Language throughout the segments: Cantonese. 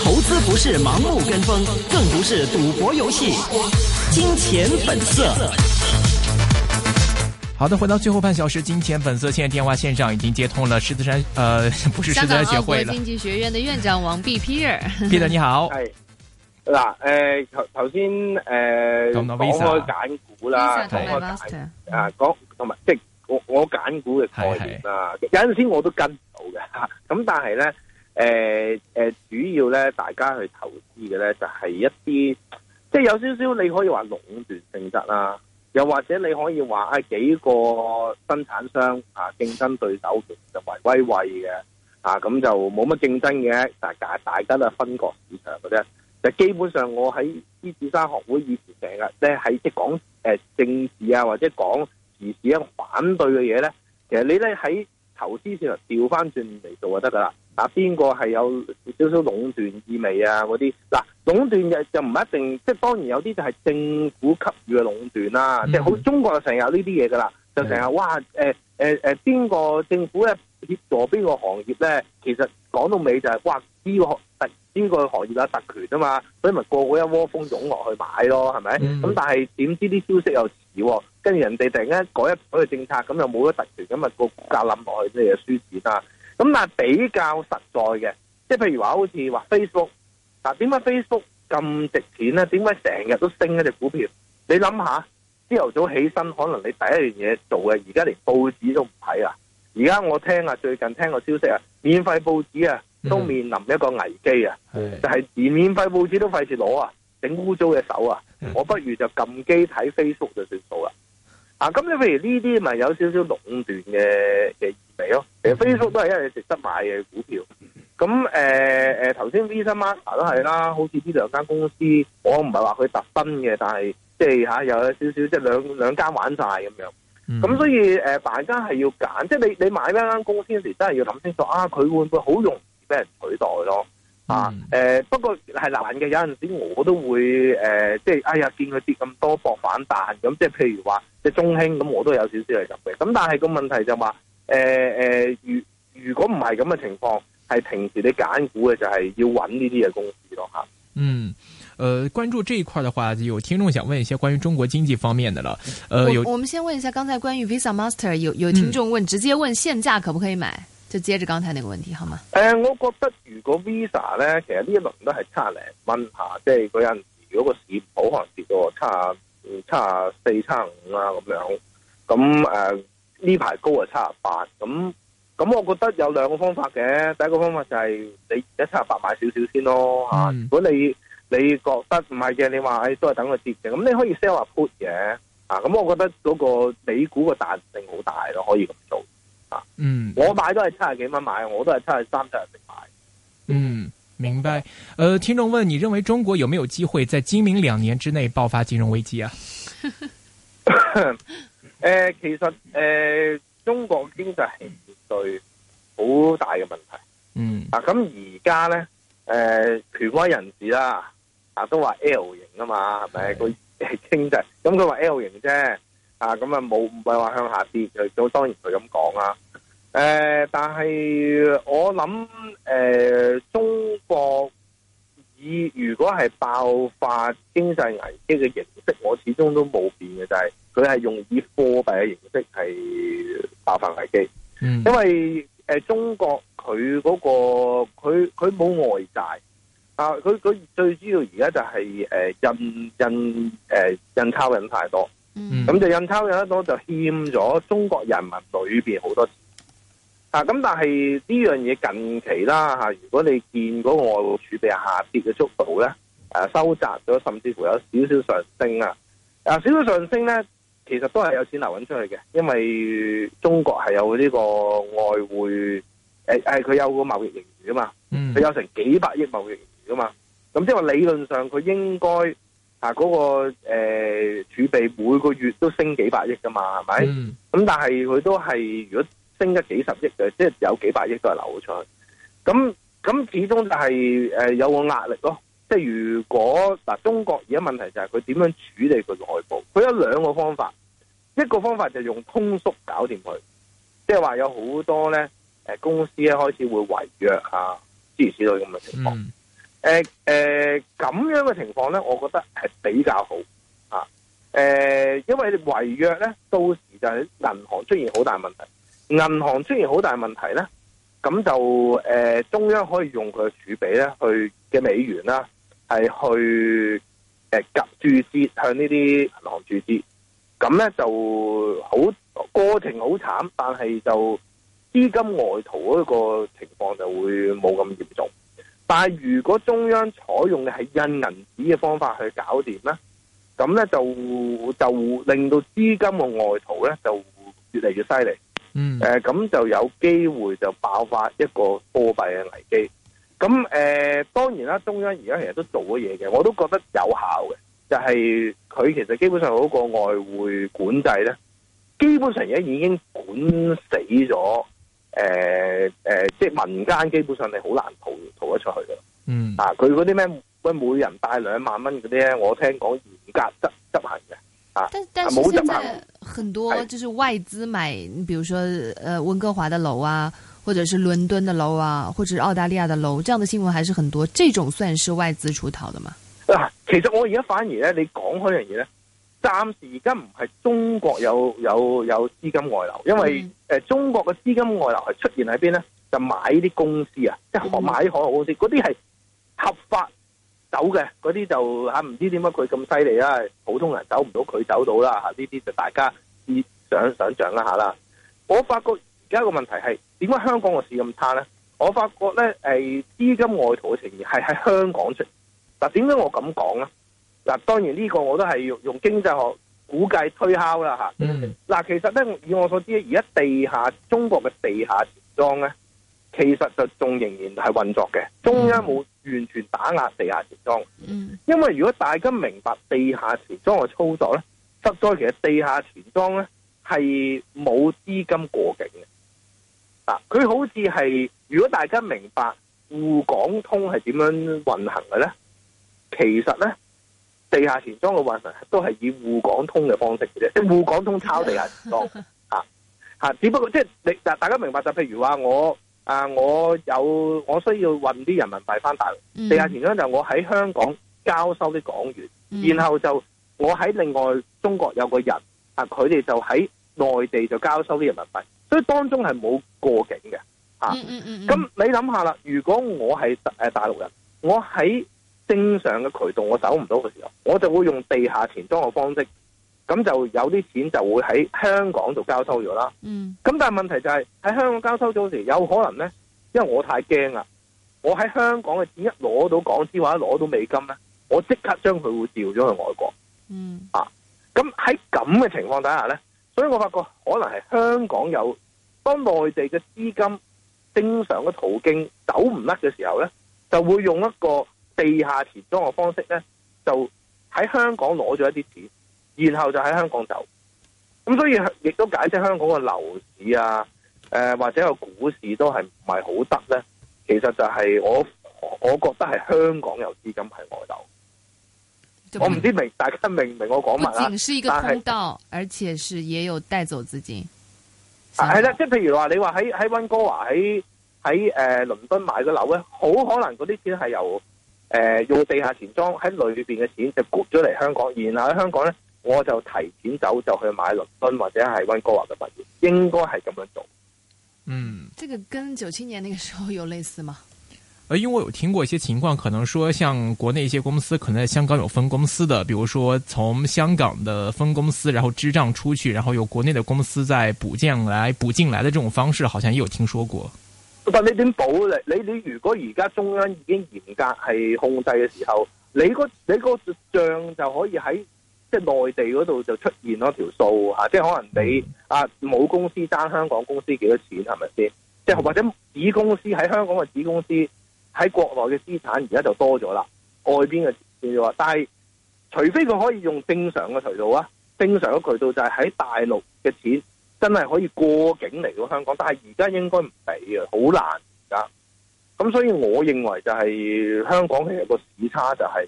投資不是盲目跟風，更不是賭博遊戲。金錢本色。好的，回到最後半小時，金錢本色現在電話綫上已經接通了。獅子山，呃，不是獅子山學會了。香港經濟學院的院長王弼 Peter，Peter 你好。哎。嗱，誒，頭頭先，誒，講我揀股啦，講我揀，啊，講同埋即。我我揀股嘅概念啊，是是有陣時我都跟唔到嘅嚇。咁但係咧，誒、呃、誒、呃，主要咧大家去投資嘅咧就係、是、一啲，即、就、係、是、有少少你可以話壟斷性質啦、啊，又或者你可以話啊幾個生產商啊競爭對手其實係威威嘅，啊咁就冇乜競爭嘅，但係大大家咧分割市場嘅啫。就基本上我喺獅子山學會以前成日咧喺即係講誒政治啊，或者講。而止啊！反對嘅嘢咧，其實你咧喺投資線上調翻轉嚟做就得噶啦。嗱，邊個係有少少壟斷意味啊？嗰啲嗱，壟斷嘅就唔一定，即係當然有啲就係政府給予嘅壟斷啦、啊。即係好，中國就成日呢啲嘢噶啦，就成日、嗯嗯、哇誒誒誒，邊、呃呃呃、個政府咧協助邊個行業咧？其實講到尾就係、是、哇，呢個行特邊個行業有特權啊嘛，所以咪個個一窩蜂，蜂湧落去買咯，係咪？咁、嗯嗯、但係點知啲消息又少、啊？跟住人哋突然間改一改個政策，咁又冇咗特權，咁啊個股價冧落去輸展，即係輸錢啦。咁但係比較實在嘅，即係譬如話好似話 Facebook，嗱點解 Facebook 咁值錢咧？點解成日都升一隻股票？你諗下，朝頭早起身，可能你第一樣嘢做嘅，而家連報紙都唔睇呀。而家我聽啊，最近聽個消息費啊，免費報紙啊都面臨一個危機啊，就係連免費報紙都費事攞啊，整污糟嘅手啊，的我不如就撳機睇 Facebook 就算數啦。啊，咁你譬如呢啲咪有少少壟斷嘅嘅意味咯，其實 Facebook 都係一樣值得買嘅股票。咁誒誒，頭先 VISA、Master 都係啦，嗯、好似呢兩間公司，我唔係話佢特登嘅，但係即係有少少即係兩間玩晒咁樣。咁、嗯、所以誒、呃，大家係要揀，即、就、係、是、你你買咩間公司時，真係要諗清楚啊，佢會唔會好容易俾人取代咯？啊，誒、嗯呃，不過係難嘅，有陣時我都會誒、呃，即係哎呀，見佢跌咁多博反彈咁，即係譬如話即係中興咁，我都有少少係咁嘅。咁但係個問題就話，誒、呃、誒、呃，如如果唔係咁嘅情況，係平時你揀股嘅就係要揾呢啲嘅公司咯吓。嗯，誒、呃，關注呢一塊嘅話，有聽眾想問一些關於中國經濟方面嘅啦。誒、呃，我有，我們先問一下剛才關於 Visa Master，有有聽眾問，嗯、直接問現價可唔可以買？就接住剛才那個問題好嗎？誒、呃，我覺得如果 Visa 咧，其實呢一輪都係七廿零蚊下，即係嗰陣時如果個市好、啊，可能跌到七廿七廿四、七廿五啦咁樣。咁誒呢排高啊七廿八。咁咁，我覺得有兩個方法嘅。第一個方法就係你一七十八買少少先咯吓、嗯啊。如果你你覺得唔係嘅，你話誒、哎、都係等佢跌嘅。咁、嗯、你可以 sell 下 put 嘅啊。咁、啊啊、我覺得嗰、那個美股個彈性好大咯，可以咁做。啊，嗯，我買都係七廿幾蚊買，我都係七廿三、七廿四買。嗯，明白。呃，聽眾問，你認為中國有沒有機會在今明兩年之內爆發金融危機啊？誒、 呃，其實誒、呃，中國經濟係絕對好大嘅問題。嗯。啊，咁而家咧，誒、呃，權威人士啦，啊，都話 L 型啊嘛，係咪？佢係的經濟，咁佢話 L 型啫。啊，咁啊冇唔係話向下跌，佢當然佢咁講啦。誒、呃，但係我諗，誒、呃，中國以如果係爆發經濟危機嘅形式，我始終都冇變嘅，就係佢係用以貨幣嘅形式係爆發危機。嗯、因為誒、呃，中國佢嗰、那個佢佢冇外債啊，佢佢最主要而家就係誒印印誒印鈔印太多。咁就印鈔印得多就欠咗中國人民裏邊好多錢，啊！咁但係呢樣嘢近期啦吓、啊，如果你見嗰個外匯儲備下跌嘅速度咧，誒、啊，收窄咗，甚至乎有少少上升啊，啊，少少上升咧，其實都係有錢流揾出去嘅，因為中國係有呢個外匯誒，係、啊、佢、啊、有個貿易盈餘啊嘛，佢有成幾百億貿易盈餘啊嘛，咁即係話理論上佢應該。嗰、那個誒儲、呃、備每個月都升幾百億噶嘛，係咪？咁、嗯嗯、但係佢都係如果升咗幾十億，就即、是、係有幾百億都係流咗出去。咁、嗯、咁、嗯、始終就係、是、誒、呃、有個壓力咯。即、就、係、是、如果嗱、啊，中國而家問題就係佢點樣處理佢內部？佢有兩個方法，一個方法就係用通縮搞掂佢，即係話有好多咧誒、呃、公司咧開始會違約啊，諸如此類咁嘅情況。嗯誒誒，咁、呃呃、樣嘅情況咧，我覺得係比較好啊。誒、呃，因為違約咧，到時就係銀行出現好大問題。銀行出現好大問題咧，咁就誒、呃，中央可以用佢嘅儲備咧，去嘅美元啦，係去誒夾、呃、注資向呢啲銀行注資。咁咧就好，過程好慘，但係就資金外逃嗰個情況就會冇咁嚴重。但係如果中央採用嘅係印銀紙嘅方法去搞掂咧，咁咧就就令到資金嘅外逃咧就越嚟越犀利，誒咁、嗯呃、就有機會就爆發一個貨幣嘅危機。咁誒、呃、當然啦，中央而家其實都做咗嘢嘅，我都覺得有效嘅，就係、是、佢其實基本上嗰個外匯管制咧，基本上而家已經管死咗。誒誒、呃呃，即係民間基本上係好難逃逃得出去嘅。嗯，啊，佢嗰啲咩喂，每人帶兩萬蚊嗰啲咧，我聽講嚴格執執行嘅。啊，但但係現在很多就是外資買，是比如說，誒溫哥華嘅樓啊，或者是倫敦嘅樓啊，或者是澳大利亞嘅樓，這樣的新聞還是很多。這種算是外資出逃的嘛？嗱、啊，其實我而家反而咧，你講開樣嘢咧。暫時而家唔係中國有有有資金外流，因為誒、mm. 呃、中國嘅資金外流係出現喺邊咧？就買啲公司啊，即、就、係、是、買啲海外公司，嗰啲係合法走嘅，嗰啲就吓唔、啊、知點解佢咁犀利啦，普通人走唔到，佢走到啦，吓，呢啲就大家意想想象一下啦。我發覺而家個問題係點解香港個市咁差咧？我發覺咧誒資金外逃嘅成因係喺香港出，但點解我咁講咧？嗱，當然呢個我都係用用經濟學估計推敲啦嚇。嗱，其實咧，以我所知，而家地下中國嘅地下錢莊咧，其實就仲仍然係運作嘅，中央冇完全打壓地下錢莊。因為如果大家明白地下錢莊嘅操作咧，實在其實地下錢莊咧係冇資金過境嘅。嗱，佢好似係，如果大家明白滬港通係點樣運行嘅咧，其實咧。地下錢莊嘅運都係以滬港通嘅方式嘅啫，即係滬港通抄地下錢莊啊啊！只不過即係你嗱，大家明白就譬如話我啊，我有我需要運啲人民幣翻大陸，嗯、地下錢莊就我喺香港交收啲港元，嗯、然後就我喺另外中國有個人啊，佢哋就喺內地就交收啲人民幣，所以當中係冇過境嘅啊。咁、嗯嗯嗯、你諗下啦，如果我係誒大陸人，我喺正常嘅渠道我走唔到嘅時候，我就會用地下錢莊嘅方式，咁就有啲錢就會喺香港度交收咗啦。咁但係問題就係喺香港交收咗時，有可能呢，因為我太驚啊，我喺香港嘅錢一攞到港紙或者攞到美金呢，我即刻將佢會調咗去外國。啊，咁喺咁嘅情況底下呢，所以我發覺可能係香港有當內地嘅資金正常嘅途徑走唔甩嘅時候呢，就會用一個。地下錢莊嘅方式咧，就喺香港攞咗一啲錢，然後就喺香港走。咁所以亦都解釋香港嘅樓市啊，誒、呃、或者個股市都係唔係好得咧。其實就係我我覺得係香港有資金係外流。不我唔知明大家明唔明我講咩啦？不僅是一個通道，是而且是也有帶走資金。係啦好、啊，即係譬如話你話喺喺溫哥華喺喺誒倫敦買嘅樓咧，好可能嗰啲錢係由。誒、呃，用地下錢莊喺裏邊嘅錢就撥咗嚟香港，然後喺香港呢，我就提錢走就去買倫敦或者係溫哥華嘅物業，應該係咁樣做。嗯，這個跟九七年那個時候有類似嗎？因為我有聽過一些情況，可能說，像國內一些公司可能在香港有分公司的，比如說從香港的分公司然後支賬出去，然後有國內的公司在補進來補進來的這種方式，好像也有聽說過。但你點保咧？你你如果而家中央已經嚴格係控制嘅時候，你個你個帳就可以喺即係內地嗰度就出現咯，條數嚇，即係可能你啊冇公司爭香港公司幾多錢係咪先？即係或者子公司喺香港嘅子公司喺國內嘅資產而家就多咗啦，外邊嘅叫話，但係除非佢可以用正常嘅渠道啊，正常嘅渠道就係喺大陸嘅錢。真係可以過境嚟到香港，但係而家應該唔俾啊，好難噶。而家咁所以我認為就係香港其實個時差，就係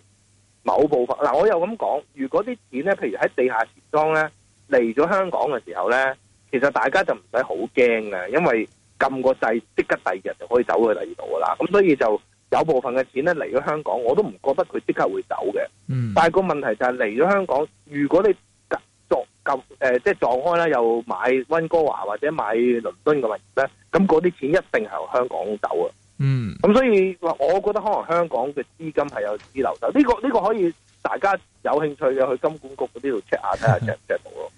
某部分。嗱，我又咁講，如果啲錢咧，譬如喺地下錢莊咧嚟咗香港嘅時候咧，其實大家就唔使好驚嘅，因為撳個掣，即刻第二日就可以走去第二度噶啦。咁所以就有部分嘅錢咧嚟咗香港，我都唔覺得佢即刻會走嘅。嗯，但係個問題就係嚟咗香港，如果你。咁誒，即係撞開啦，又買温哥華或者買倫敦嘅物業咧，咁嗰啲錢一定係由香港走啊。嗯，咁所以我覺得可能香港嘅資金係有支流走，呢個、呢個可以大家有興趣嘅去金管局嗰啲度 check 下睇下 check 唔 check 到咯。看看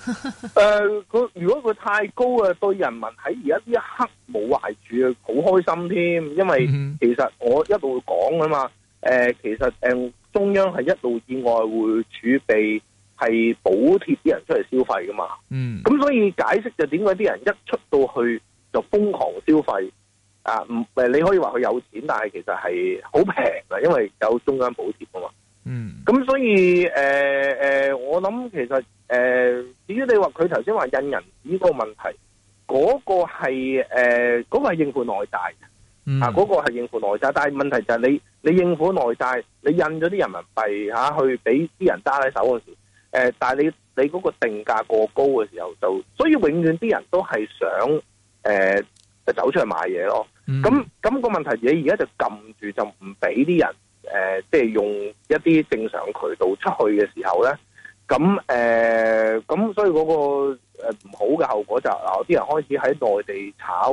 誒，佢、 呃、如果佢太高啊，對人民喺而家呢一刻冇壞處啊，好開心添。因為其實我一路講啊嘛，誒、呃，其實誒、呃、中央係一路以外會儲備係補貼啲人出嚟消費噶嘛。嗯，咁所以解釋就點解啲人一出到去就瘋狂消費啊？唔係，你可以話佢有錢，但係其實係好平啊，因為有中央補貼啊嘛。嗯，咁所以誒誒、呃呃，我諗其實誒、呃，至於你話佢頭先話印人紙個問題，嗰、那個係誒、呃那個係應付內債，嗯、啊嗰、那個係應付內債，但係問題就係你你應付內債，你印咗啲人民幣吓、啊、去俾啲人揸喺手嗰時，誒、呃，但係你你嗰個定價過高嘅時候就，所以永遠啲人都係想誒、呃、走出去買嘢咯，咁咁、嗯那個問題你而家就撳住就唔俾啲人。誒、呃，即係用一啲正常渠道出去嘅時候咧，咁誒，咁、呃、所以嗰、那個誒唔、呃、好嘅後果就是，有、呃、啲人開始喺內地炒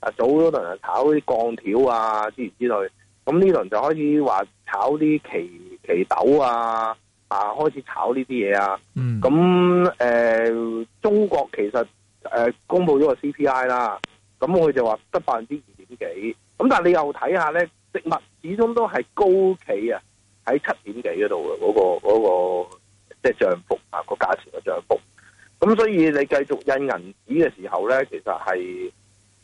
啊，早嗰輪炒啲鋼條啊之類之類，咁呢輪就開始話炒啲奇奇豆啊，啊，開始炒呢啲嘢啊，咁誒、嗯呃，中國其實誒、呃、公布咗個 CPI 啦，咁佢就話得百分之二點幾，咁但係你又睇下咧，食物。始終都係高企啊！喺七點幾嗰度嘅嗰個即係漲幅啊，個價錢嘅漲幅，咁所以你繼續印銀紙嘅時候咧，其實係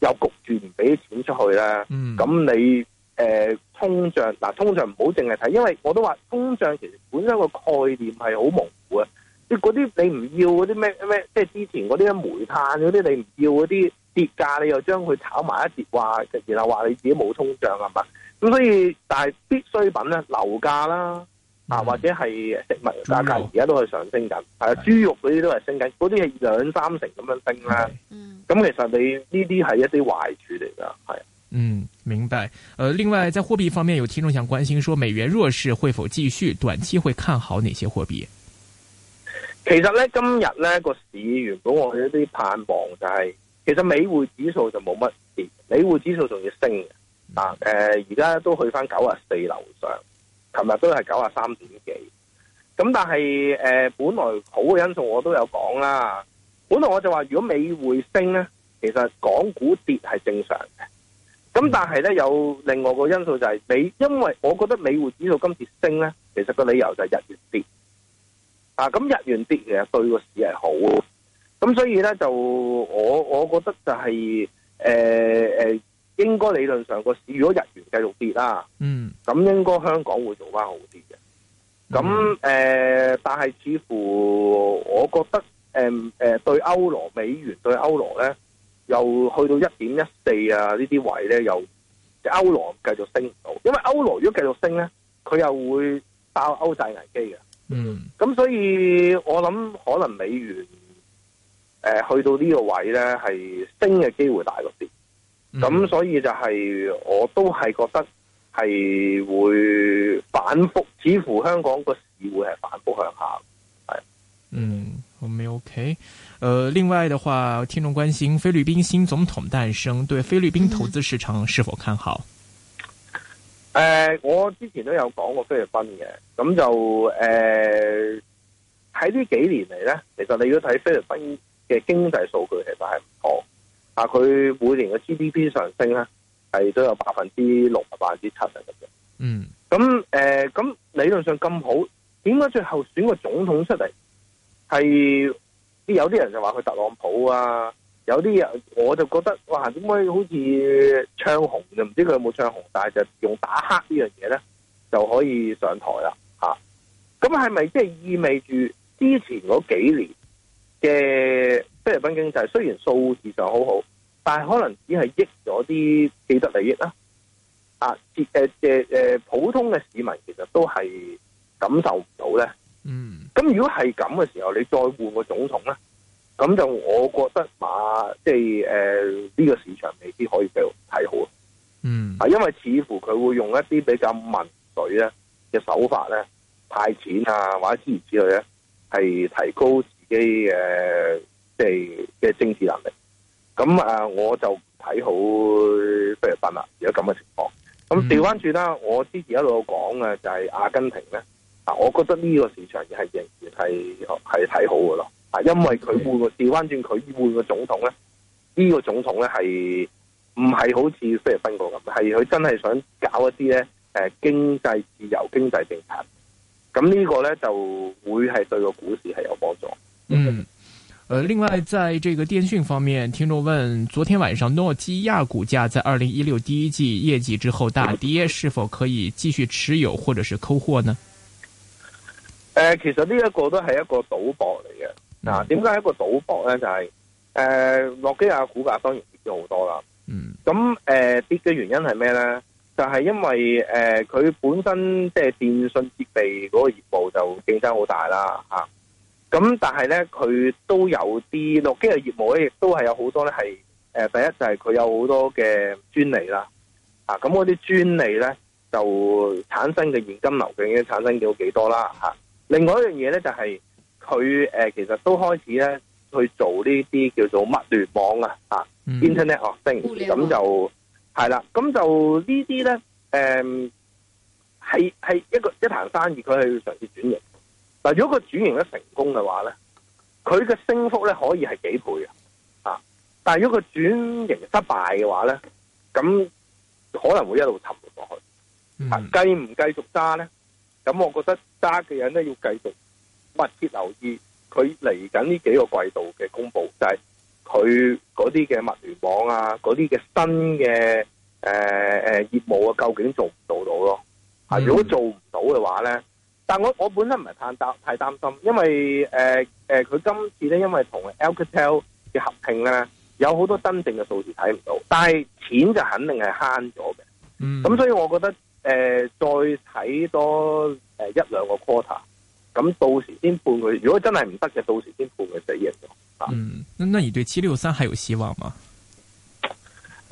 有焗住唔俾錢出去咧。咁你誒通脹嗱，通脹唔好淨係睇，因為我都話通脹其實本身個概念係好模糊嘅。即嗰啲你唔要嗰啲咩咩，即係之前嗰啲煤炭嗰啲，你唔要嗰啲。跌價，你又將佢炒埋一碟，話然後話你自己冇通脹吖嘛。咁所以，但係必需品咧，樓價啦，啊或者係食物價格而家都係上升緊，係豬肉嗰啲都係升緊，嗰啲係兩三成咁樣升啦。咁是的 其實你呢啲係一啲壞處嚟噶，係。嗯，明白。誒、呃，另外在貨幣方面，有聽眾想關心說，說美元弱勢會否繼續？短期會看好哪些貨幣？其實咧，今日咧個市，原本我有一啲盼望就係、是。其實美匯指數就冇乜跌，美匯指數仲要升啊，誒、呃，而家都去翻九十四樓上，琴日都係九十三點幾，咁但係誒、呃、本來好嘅因素我都有講啦，本來我就話如果美匯升咧，其實港股跌係正常嘅，咁但係咧有另外個因素就係、是、美，因為我覺得美匯指數今次升咧，其實個理由就係日元跌，啊，咁日元跌其實對個市係好。咁所以咧，就我我覺得就係誒誒，應該理論上個市，如果日元繼續跌啦，嗯，咁應該香港會做翻好啲嘅。咁誒、呃，但係似乎我覺得誒誒、呃呃，對歐羅美元對歐羅咧，又去到一點一四啊呢啲位咧，又即歐羅繼續升唔到，因為歐羅如果繼續升咧，佢又會爆歐債危機嘅。嗯，咁所以我諗可能美元。誒、呃，去到呢個位咧，係升嘅機會大咗啲，咁、嗯、所以就係、是、我都係覺得係會反覆，似乎香港個市會係反覆向下，係。嗯，我咪 OK。誒、呃，另外嘅話，聽眾關心菲律賓新總統誕生，對菲律賓投資市場是否看好？誒、嗯呃，我之前都有講過菲律賓嘅，咁就誒喺呢幾年嚟咧，其實你要睇菲律賓。嘅經濟數據其實係唔錯，但係、啊、佢每年嘅 GDP 上升咧、啊、係都有百分之六啊、百分之七十咁樣。嗯，咁誒，咁理論上咁好，點解最後選個總統出嚟係有啲人就話佢特朗普啊，有啲人我就覺得哇，點解好似唱紅就唔知佢有冇唱紅，但係就用打黑這呢樣嘢咧就可以上台啦嚇。咁係咪即係意味住之前嗰幾年？嘅菲律賓經濟雖然數字上好好，但係可能只係益咗啲既得利益啦，啊，誒誒誒，普通嘅市民其實都係感受唔到咧。嗯，咁如果係咁嘅時候，你再換個總統咧，咁就我覺得馬即係誒呢個市場未必可以叫睇好。嗯，啊，因為似乎佢會用一啲比較民粹咧嘅手法咧，派錢啊或者之之類咧，係提高。嘅誒，即係嘅政治能力，咁啊、呃，我就唔睇好菲律賓啦。而家咁嘅情況，咁調翻轉啦，嗯、我之前一路講嘅就係阿根廷咧，啊，我覺得呢個市場係仍然係係睇好嘅咯。啊，因為佢換個調翻轉佢換個總統咧，呢個總統咧係唔係好似菲律賓個咁，係佢真係想搞一啲咧誒經濟自由經濟政策，咁呢個咧就會係對個股市係有幫助。嗯，誒、呃，另外，在這個電訊方面，聽眾問：昨天晚上諾基亞股價在二零一六第一季業績之後大跌，是否可以繼續持有，或者是溝貨呢？誒、呃，其實這一個都係一個賭博嚟嘅。嗱，點解、嗯啊、係一個賭博呢？就是誒，諾、呃、基亞股價當然跌咗好多啦。嗯。咁誒、呃，跌嘅原因係咩呢？就是因為誒，佢、呃、本身即係電訊設備嗰個業務就競爭好大啦，吓、啊。咁但係咧，佢都有啲諾基亞嘅業務咧，亦都係有好多咧係誒，第一就係佢有好多嘅專利啦，啊，咁嗰啲專利咧就產生嘅現金流嘅產生咗幾多啦吓。另外一樣嘢咧就係佢誒，其實都開始咧去做呢啲叫做乜聯網啊，Internet of Things 咁就係啦，咁就呢啲咧誒，係係一個一盤生意，佢係要嘗試轉型。嗱，如果佢轉型咧成功嘅話咧，佢嘅升幅咧可以係幾倍啊！啊，但係如果佢轉型失敗嘅話咧，咁可能會一路沉落落去。嗯嗯啊、繼唔繼續揸咧？咁我覺得揸嘅人咧要繼續密切留意佢嚟緊呢幾個季度嘅公佈，就係佢嗰啲嘅物聯網啊，嗰啲嘅新嘅誒誒業務啊，究竟做唔做到咯？啊，嗯、如果做唔到嘅話咧？但我我本身唔係太擔太擔心，因為誒誒佢今次咧，因為同 Alcatel 嘅合併咧，有好多真正嘅數字睇唔到，但係錢就肯定係慳咗嘅。咁、嗯、所以我覺得誒、呃、再睇多誒一兩個 quarter，咁到時先判佢。如果真係唔得嘅，到時先判佢死嘅。嗯，那那你對七六三還有希望嗎？誒、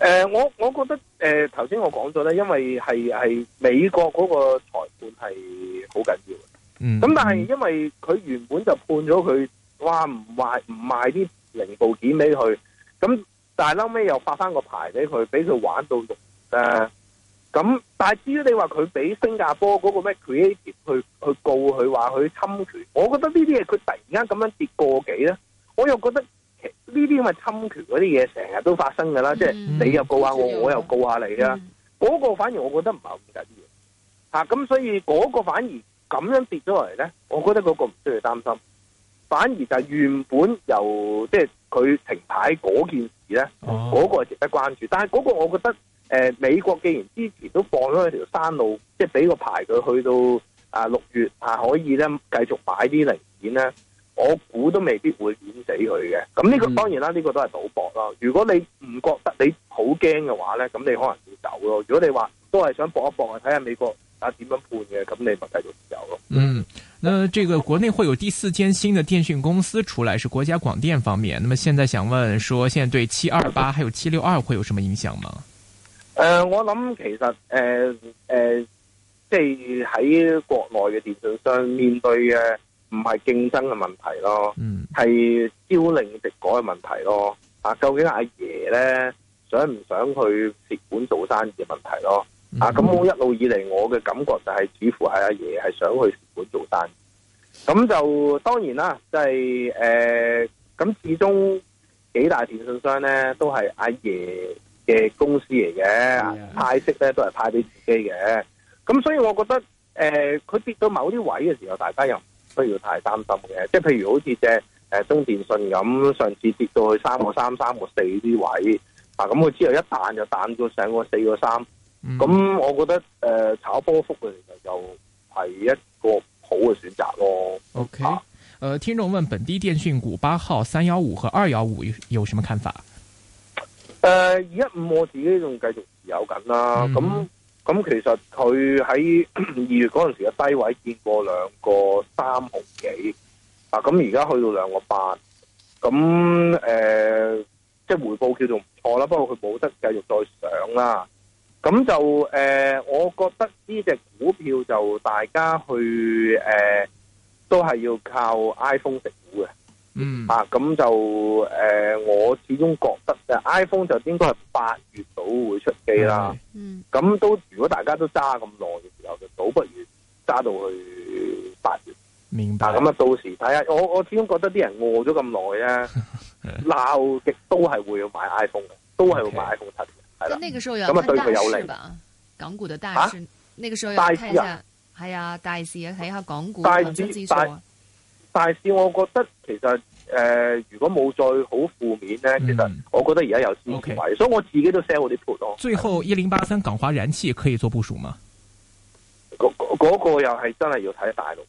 呃，我我覺得誒頭先我講咗咧，因為係係美國嗰個裁判係。好緊要，咁、嗯、但係因為佢原本就判咗佢，哇唔賣唔賣啲零部件俾佢，咁但係嬲尾又發翻個牌俾佢，俾佢玩到，誒、呃，咁但係至於你話佢俾新加坡嗰個咩 creative 去去告佢話佢侵權，我覺得呢啲嘢佢突然間咁樣跌過幾咧，我又覺得呢啲咁嘅侵權嗰啲嘢成日都發生噶啦，即係、嗯、你又告下我，我又告下你啊，嗰、嗯、個反而我覺得唔係咁緊要。嗱，咁所以嗰個反而咁樣跌咗嚟咧，我覺得嗰個唔需要擔心，反而就係原本由即係佢停牌嗰件事咧，嗰、oh. 個係值得關注。但係嗰個我覺得，誒、呃、美國既然之前都放咗佢條山路，即係俾個牌佢去到啊六月啊可以咧繼續擺啲零件咧，我估都未必會點死佢嘅。咁呢、這個當然啦，呢、這個都係賭博咯。如果你唔覺得你好驚嘅話咧，咁你可能要走咯。如果你話都係想搏一搏，睇下美國。啊，點樣判嘅？咁你咪繼續持有咯？嗯，那這個國內會有第四間新的電訊公司出來，是國家廣電方面。那麼現在想問，說現在對七二八還有七六二會有什麼影響嗎？誒、呃，我諗其實誒誒、呃呃，即係喺國內嘅電訊商面對嘅唔係競爭嘅問題咯，嗯，係朝令夕改嘅問題咯。啊，究竟阿爺咧想唔想去蝕本做生意嘅問題咯？啊，咁我一路以嚟我嘅感覺就係，似乎係阿爺係想去日本做單，咁就當然啦，即係誒，咁、呃、始終幾大電信商咧都係阿爺嘅公司嚟嘅，的息呢派息咧都係派俾自己嘅，咁所以我覺得誒，佢、呃、跌到某啲位嘅時候，大家又唔需要太擔心嘅，即係譬如好似隻中電信咁，上次跌到去三個三、三個四啲位，嗱咁佢之後一彈就彈到上個四個三。咁、嗯、我覺得誒、呃、炒波幅嘅其實就係一個好嘅選擇咯。OK，誒、呃，聽眾問本地電訊股八號三幺五和二幺五有有什麼看法？誒、呃，二一五我自己仲繼續持有緊啦、啊。咁咁、嗯、其實佢喺二月嗰陣時嘅低位見過兩個三毫幾啊，咁而家去到兩個八。咁誒、呃，即係回報叫做唔錯啦，不過佢冇得繼續再上啦。咁就誒、呃、我覺得呢隻股票就大家去誒、呃、都係要靠 iPhone 食股嘅。嗯，啊，咁就誒、呃、我始終覺得誒 iPhone 就應該係八月度會出機啦。嗯是，咁都如果大家都揸咁耐嘅時候，就倒不如揸到去八月。明白。咁啊，到時睇下，我我始終覺得啲人餓咗咁耐啊，鬧極 都係會要買 iPhone 嘅，都係會買 iPhone 七。咁啊，對佢有利。港股嘅大市，呢、啊、個時候又睇下。係啊，啊，大市啊，睇下港股嘅大市，大大市我覺得其實誒、呃，如果冇再好負面咧，嗯、其實我覺得而家有先到 okay. 所以我自己都 sell 啲 put 最後一零八三港華燃氣可以做部署嗎？嗰嗰、嗰個又係真係要睇大陸。